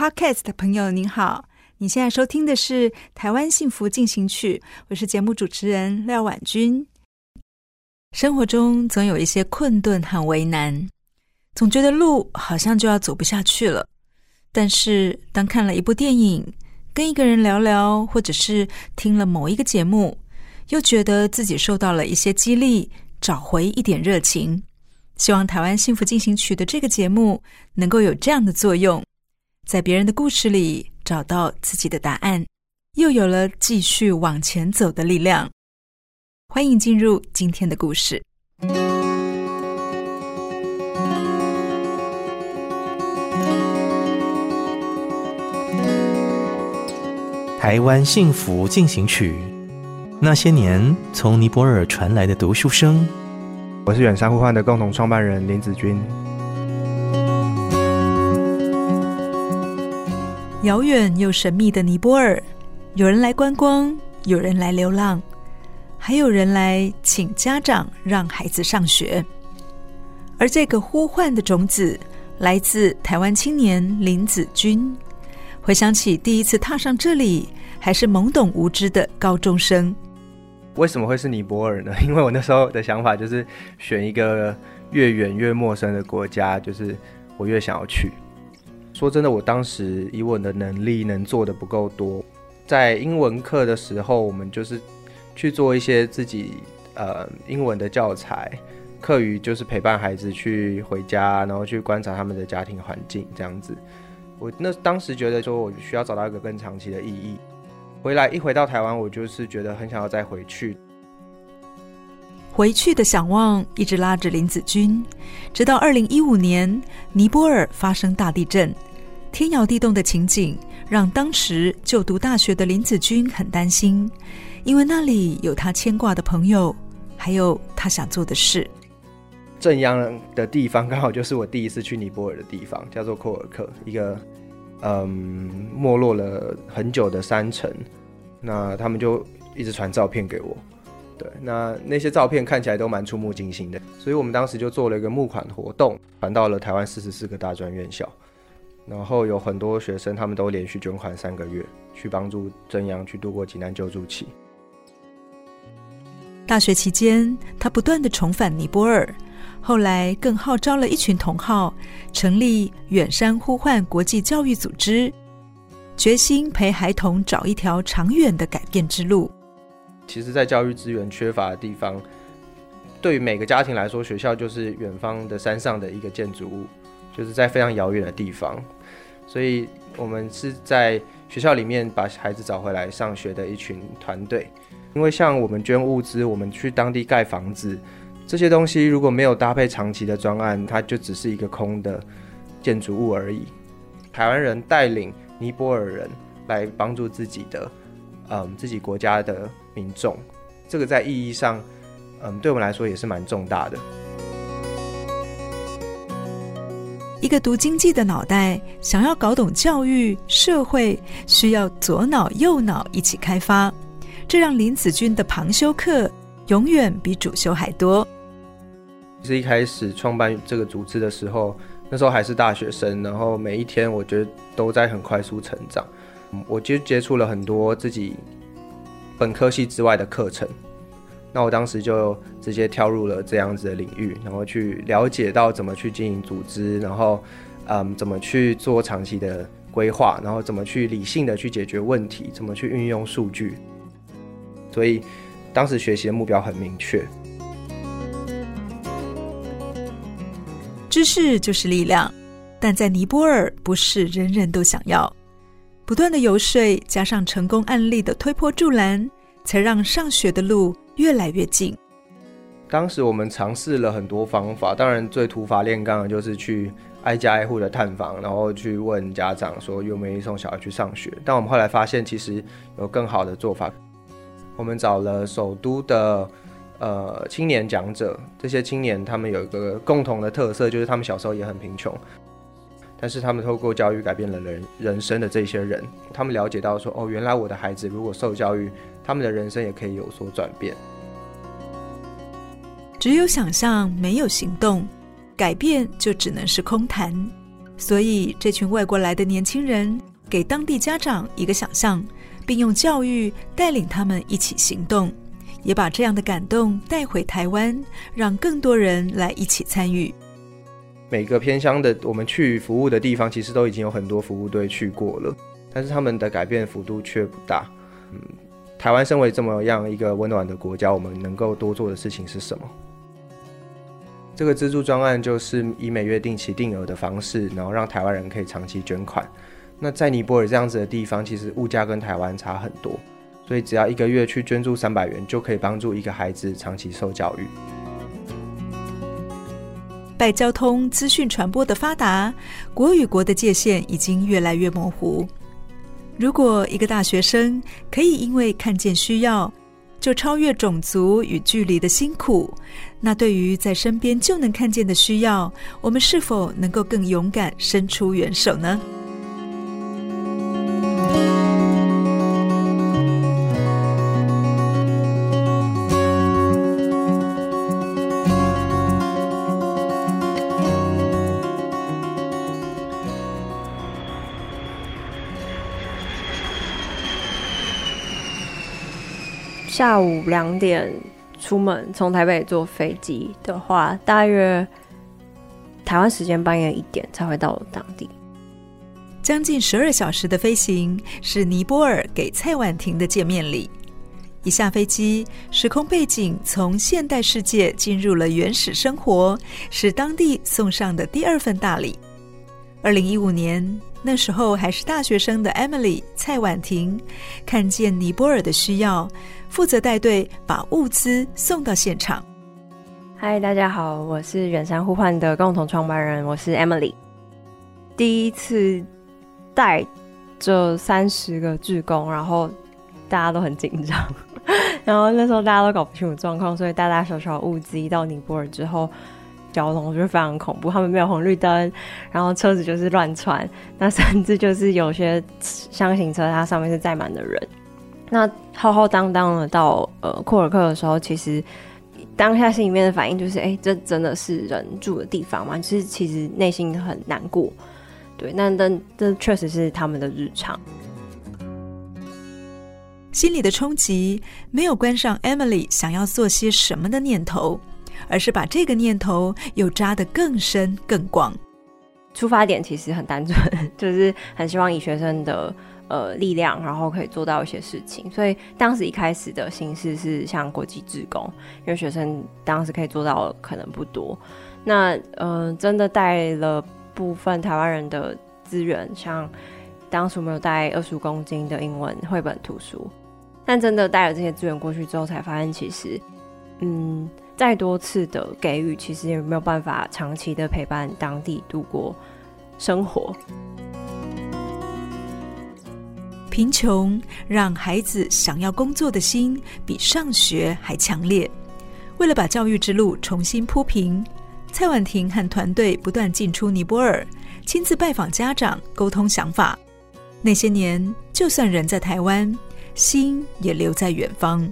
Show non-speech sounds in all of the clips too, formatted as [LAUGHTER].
Podcast 的朋友，您好！你現在收聽的是《台灣幸福進行曲》，我是節目主持人廖婉君。生活中總有一些困頓和為難，總覺得路好像就要走不下去了。但是，當看了一部電影、跟一個人聊聊，或者是聽了某一個節目，又覺得自己受到了一些激勵，找回一點熱情。希望《台灣幸福進行曲》的這個節目能夠有這樣的作用。在別人的故事裡找到自己的答案，又有了繼續往前走的力量。歡迎進入今天的故事，《台灣幸福進行曲》。那些年從尼泊爾傳來的讀書聲，我是遠山呼喚的共同創辦人林子鈞。遙遠又神祕的尼泊爾，有人來觀光，有人來流浪，還有人來請家長讓孩子上學。而這個呼喚的種子，來自台灣青年林子鈞。回想起第一次踏上這裡，還是懵懂無知的高中生。為什麼會是尼泊爾呢？因為我那時候的想法就是選一個越遠越陌生的國家，就是我越想要去。說真的，我當時以我的能力能做的不夠多。在英文課的時候，我們就是去做一些自己呃英文的教材。課餘就是陪伴孩子去回家，然後去觀察他們的家庭環境這樣子。我那當時覺得說，我需要找到一個更長期的意義。回來一回到台灣，我就是覺得很想要再回去。回去的想望一直拉着林子鈞，直到二零一五年，尼泊爾發生大地震。天搖地動的情景，讓當時就讀大學的林子鈞很擔心，因為那裡有他牽掛的朋友，還有他想做的事。震央的地方剛好就是我第一次去尼泊爾的地方，叫做庫爾克，一個嗯沒落了很久的山城。那他們就一直傳照片給我，對，那那些照片看起來都蠻觸目驚心的，所以我們當時就做了一個募款活動，傳到了台灣四十四個大專院校。然後有很多學生，他們都連續捐款三個月，去幫助震央去度過急難救助期。大學期間，他不斷的重返尼泊爾，後來更號召了一群同好，成立遠山呼喚國際教育組織，決心陪孩童找一條長遠的改變之路。其實，在教育資源缺乏的地方，對於每個家庭來說，學校就是遠方的山上的一個建築物，就是在非常遙遠的地方。所以，我們是在學校裡面把孩子找回來上學的一群團隊。因為像我們捐物資，我們去當地蓋房子，這些東西如果沒有搭配長期的專案，它就只是一個空的建築物而已。台灣人帶領尼泊爾人來幫助自己的，嗯，自己國家的民眾，這個在意義上，嗯，對我們來說也是蠻重大的。一個讀經濟的腦袋，想要搞懂教育社會，需要左腦右腦一起開發。這讓林子鈞的旁修課永遠比主修還多。其實一開始創辦這個組織的時候，那時候還是大學生，然後每一天我覺得都在很快速成長。我就接觸了很多自己本科系之外的課程。那我當時就直接跳入了這樣子的領域，然後去了解到怎麼去經營組織，然後，嗯，怎麼去做長期的規劃，然後怎麼去理性的去解決問題，怎麼去運用數據。所以，當時學習的目標很明確。知識就是力量，但在尼泊爾不是人人都想要。不斷的遊說加上成功案例的推波助瀾，才讓上學的路。越來越近。當時我們嘗試了很多方法，當然最土法煉鋼的就是去挨家挨戶的探訪，然後去問家長說有沒有送小孩去上學。但我們後來發現，其實有更好的做法。我們找了首都的呃青年講者，這些青年他們有一個共同的特色，就是他們小時候也很貧窮，但是他們透過教育改變了人人生的這些人，他們了解到說，哦，原來我的孩子如果受教育，他們的人生也可以有所轉變。只有想象，沒有行動，改變就只能是空談。所以，這群外國來的年輕人，給當地家長一個想象，並用教育帶領他們一起行動，也把這樣的感動帶回台灣，讓更多人來一起參與。每個偏鄉的我們去服務的地方，其實都已經有很多服務隊去過了，但是他們的改變幅度卻不大。嗯。台灣身為這麼樣一個溫暖的國家，我們能夠多做的事情是什麼？這個資助專案就是以每月定期定額的方式，然後讓台灣人可以長期捐款。那在尼泊爾這樣子的地方，其實物價跟台灣差很多，所以只要一個月去捐助三百元，就可以幫助一個孩子長期受教育。拜交通資訊傳播的發達，國與國的界限已經越來越模糊。如果一個大學生可以因為看見需要，就超越種族與距離的辛苦，那對於在身邊就能看見的需要，我們是否能夠更勇敢伸出援手呢？下午兩點出門，從台北坐飛機的話，大約台灣時間半夜一點才會到當地。將近十二小時的飛行是尼泊爾給蔡宛庭的見面禮。一下飛機，時空背景從現代世界進入了原始生活，是當地送上的第二份大禮。二零一五年，那時候還是大學生的 Emily 蔡宛庭看見尼泊爾的需要。負責帶隊把物資送到現場。嗨，大家好，我是遠山呼喚的共同創辦人，我是 Emily。第一次帶這三十個志工，然後大家都很緊張。 [LAUGHS] 然後那時候大家都搞不清楚狀況，所以大大小小的物資到尼泊爾之後，交通就非常恐怖。他們沒有紅綠燈，然後車子就是亂竄。那甚至就是有些箱型車，它上面是載滿的人。那浩浩蕩蕩的到呃庫爾克的時候，其實當下心裡面的反應就是，哎，這真的是人住的地方嗎？其實其實內心很難過。對，那但這，這確實是他們的日常。心理的衝擊沒有關上 Emily 想要做些什麼的念頭，而是把這個念頭又紮得更深更廣。出發點其實很單純，就是很希望以學生的。呃，力量，然後可以做到一些事情。所以當時一開始的形式是像國際志工，因為學生當時可以做到可能不多。那嗯、呃，真的帶了部分台灣人的資源，像當時沒有帶二十公斤的英文繪本圖書，但真的帶了這些資源過去之後，才發現其實，嗯，再多次的給予，其實也沒有辦法長期的陪伴當地度過生活。貧窮讓孩子想要工作的心比上學還強烈。為了把教育之路重新鋪平，蔡宛庭和團隊不斷進出尼泊爾，親自拜訪家長，溝通想法。那些年，就算人在台灣，心也留在遠方。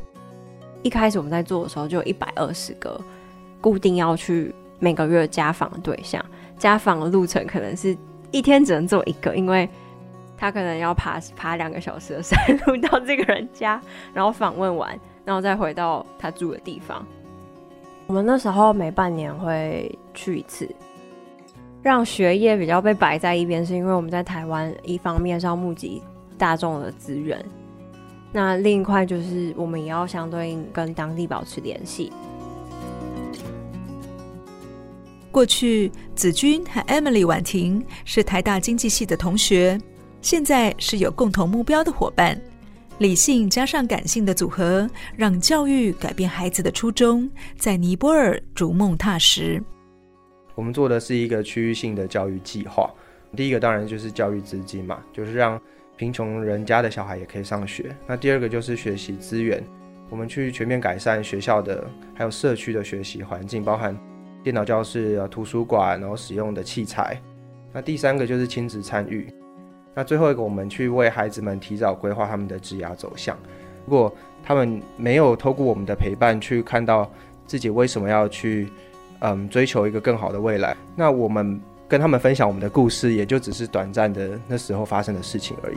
一開始我們在做的時候，就有一百二十個固定要去每個月家訪的對象，家訪的路程可能是一天只能做一個，因為。他可能要爬爬兩個小時的山路到這個人家，然後訪問完，然後再回到他住的地方。我們那時候每半年會去一次，讓學業比較被擺在一邊，是因為我們在台灣一方面上要募集大眾的資源，那另一塊就是我們也要相對跟當地保持聯繫。過去，子鈞和 Emily 宛庭是台大經濟系的同學。現在是有共同目標的夥伴，理性加上感性的組合，讓教育改變孩子的初衷，在尼泊爾逐夢踏實。我們做的是一個區域性的教育計劃。第一個當然就是教育資金嘛，就是讓貧窮人家的小孩也可以上學。那第二個就是學習資源，我們去全面改善學校的還有社區的學習環境，包含電腦教室啊、圖書館，然後使用的器材。那第三個就是親子參與。那最後一個，我們去為孩子們提早規劃他們的職涯走向。如果他們沒有透過我們的陪伴去看到自己為什麼要去，嗯，追求一個更好的未來，那我們跟他們分享我們的故事，也就只是短暫的那時候發生的事情而已。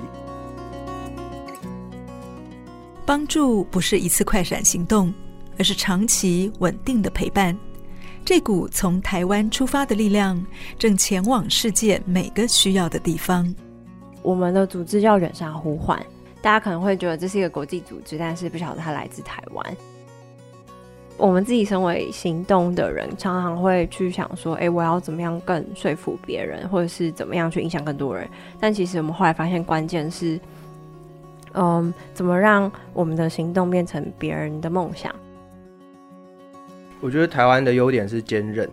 幫助不是一次快閃行動，而是長期穩定的陪伴。這股從台灣出發的力量，正前往世界每個需要的地方。我們的組織叫遠山呼喚，大家可能會覺得這是一個國際組織，但是不曉得它來自台灣。我們自己身為行動的人，常常會去想說：哎、欸，我要怎麼樣更說服別人，或者是怎麼樣去影響更多人？但其實我們後來發現，關鍵是，嗯，怎麼讓我們的行動變成別人的夢想？我覺得台灣的優點是堅韌。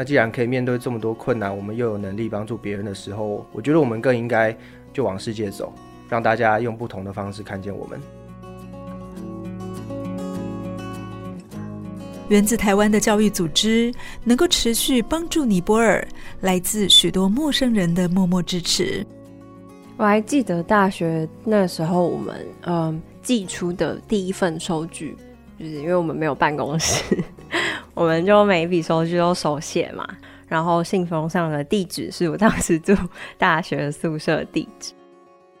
那既然可以面對這麼多困難，我們又有能力幫助別人的時候，我覺得我們更應該就往世界走，讓大家用不同的方式看見我們。源自台灣的教育組織能夠持續幫助尼泊爾，來自許多陌生人的默默支持。我還記得大學那時候，我們嗯、呃、寄出的第一份收據，就是因為我們沒有辦公室。 [LAUGHS] 我們就每一筆收據都手寫嘛，然後信封上的地址是我當時住大學宿舍地址。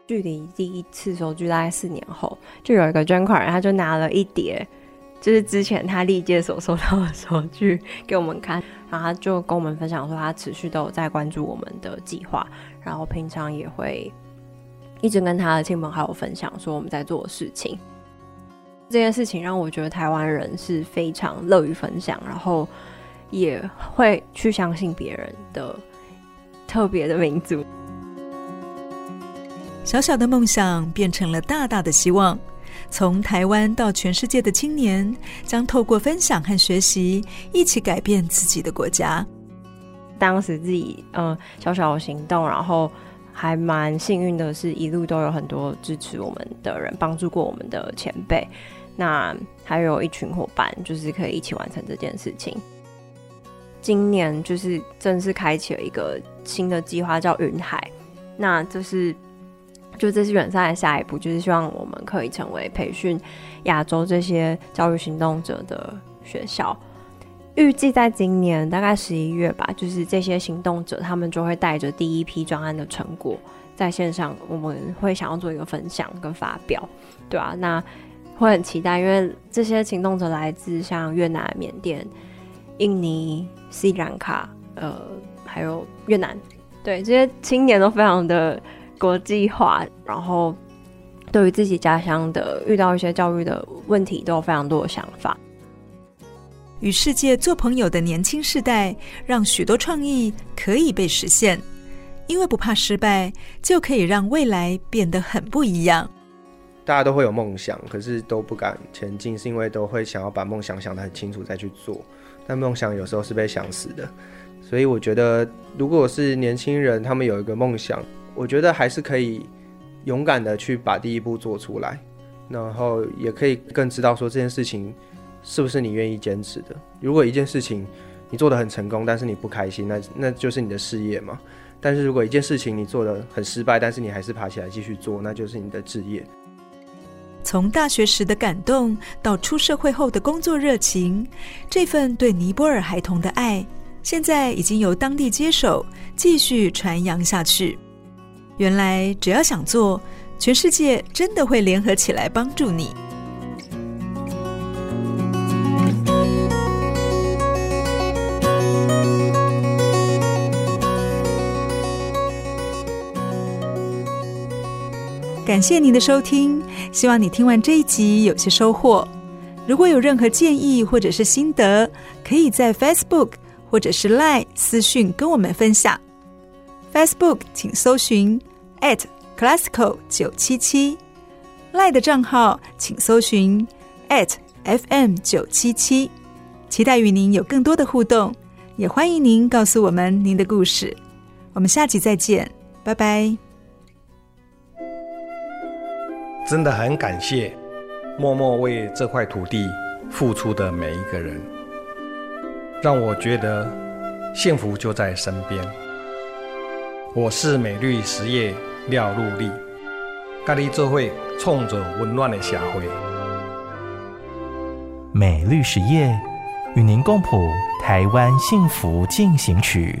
距離第一次收據大概四年後，就有一個捐款人，他就拿了一疊，就是之前他歷屆所收到的收據給我們看，然後他就跟我們分享說，他持續都有在關注我們的計劃，然後平常也會一直跟他的親朋好友分享說我們在做的事情。這件事情讓我覺得台灣人是非常樂於分享，然後也會去相信別人的特別的民族。小小的夢想變成了大大的希望，從台灣到全世界的青年將透過分享和學習，一起改變自己的國家。當時自己嗯，小小的行動，然後。還蠻幸運的，是一路都有很多支持我們的人，幫助過我們的前輩。那還有一群夥伴，就是可以一起完成這件事情。今年就是正式開啟了一個新的計劃，叫雲海。那這是、就這是遠山的下一步，就是希望我們可以成為培訓亞洲這些教育行動者的學校。預計在今年大概十一月吧，就是這些行動者他們就會帶着第一批專案的成果，在線上我們會想要做一個分享跟發表，對啊，那會很期待，因為這些行動者來自像越南、緬甸、印尼、斯里蘭卡，呃，還有越南，對，這些青年都非常的國際化，然後對於自己家鄉的遇到一些教育的問題都有非常多的想法。與世界做朋友的年輕世代，讓許多創意可以被實現，因為不怕失敗，就可以讓未來變得很不一樣。大家都會有夢想，可是都不敢前進，是因為都會想要把夢想想得很清楚再去做。但夢想有時候是被想死的，所以我覺得，如果是年輕人，他們有一個夢想，我覺得還是可以勇敢的去把第一步做出來，然後也可以更知道說這件事情，是不是你願意堅持的？如果一件事情你做得很成功，但是你不開心，那那就是你的事業嘛。但是如果一件事情你做得很失敗，但是你還是爬起來繼續做，那就是你的志業。從大學時的感動到出社會後的工作熱情，這份對尼泊爾孩童的愛，現在已經由當地接手，繼續傳揚下去。原來只要想做，全世界真的會聯合起來幫助你。感謝您的收聽，希望你聽完這一集有些收穫。如果有任何建議或者是心得，可以在 Facebook 或者是 Line 私訊跟我們分享。Facebook 請搜尋 at classical 九七七。Line 的賬號請搜尋 at fm 九七七。期待與您有更多的互動，也歡迎您告訴我們您的故事。我們下集再見，拜拜。真的很感謝默默為這塊土地付出的每一個人，讓我覺得幸福就在身邊。我是美律實業廖祿立咖喱聚會衝著溫暖的社會。美律實業與您共譜台灣幸福進行曲。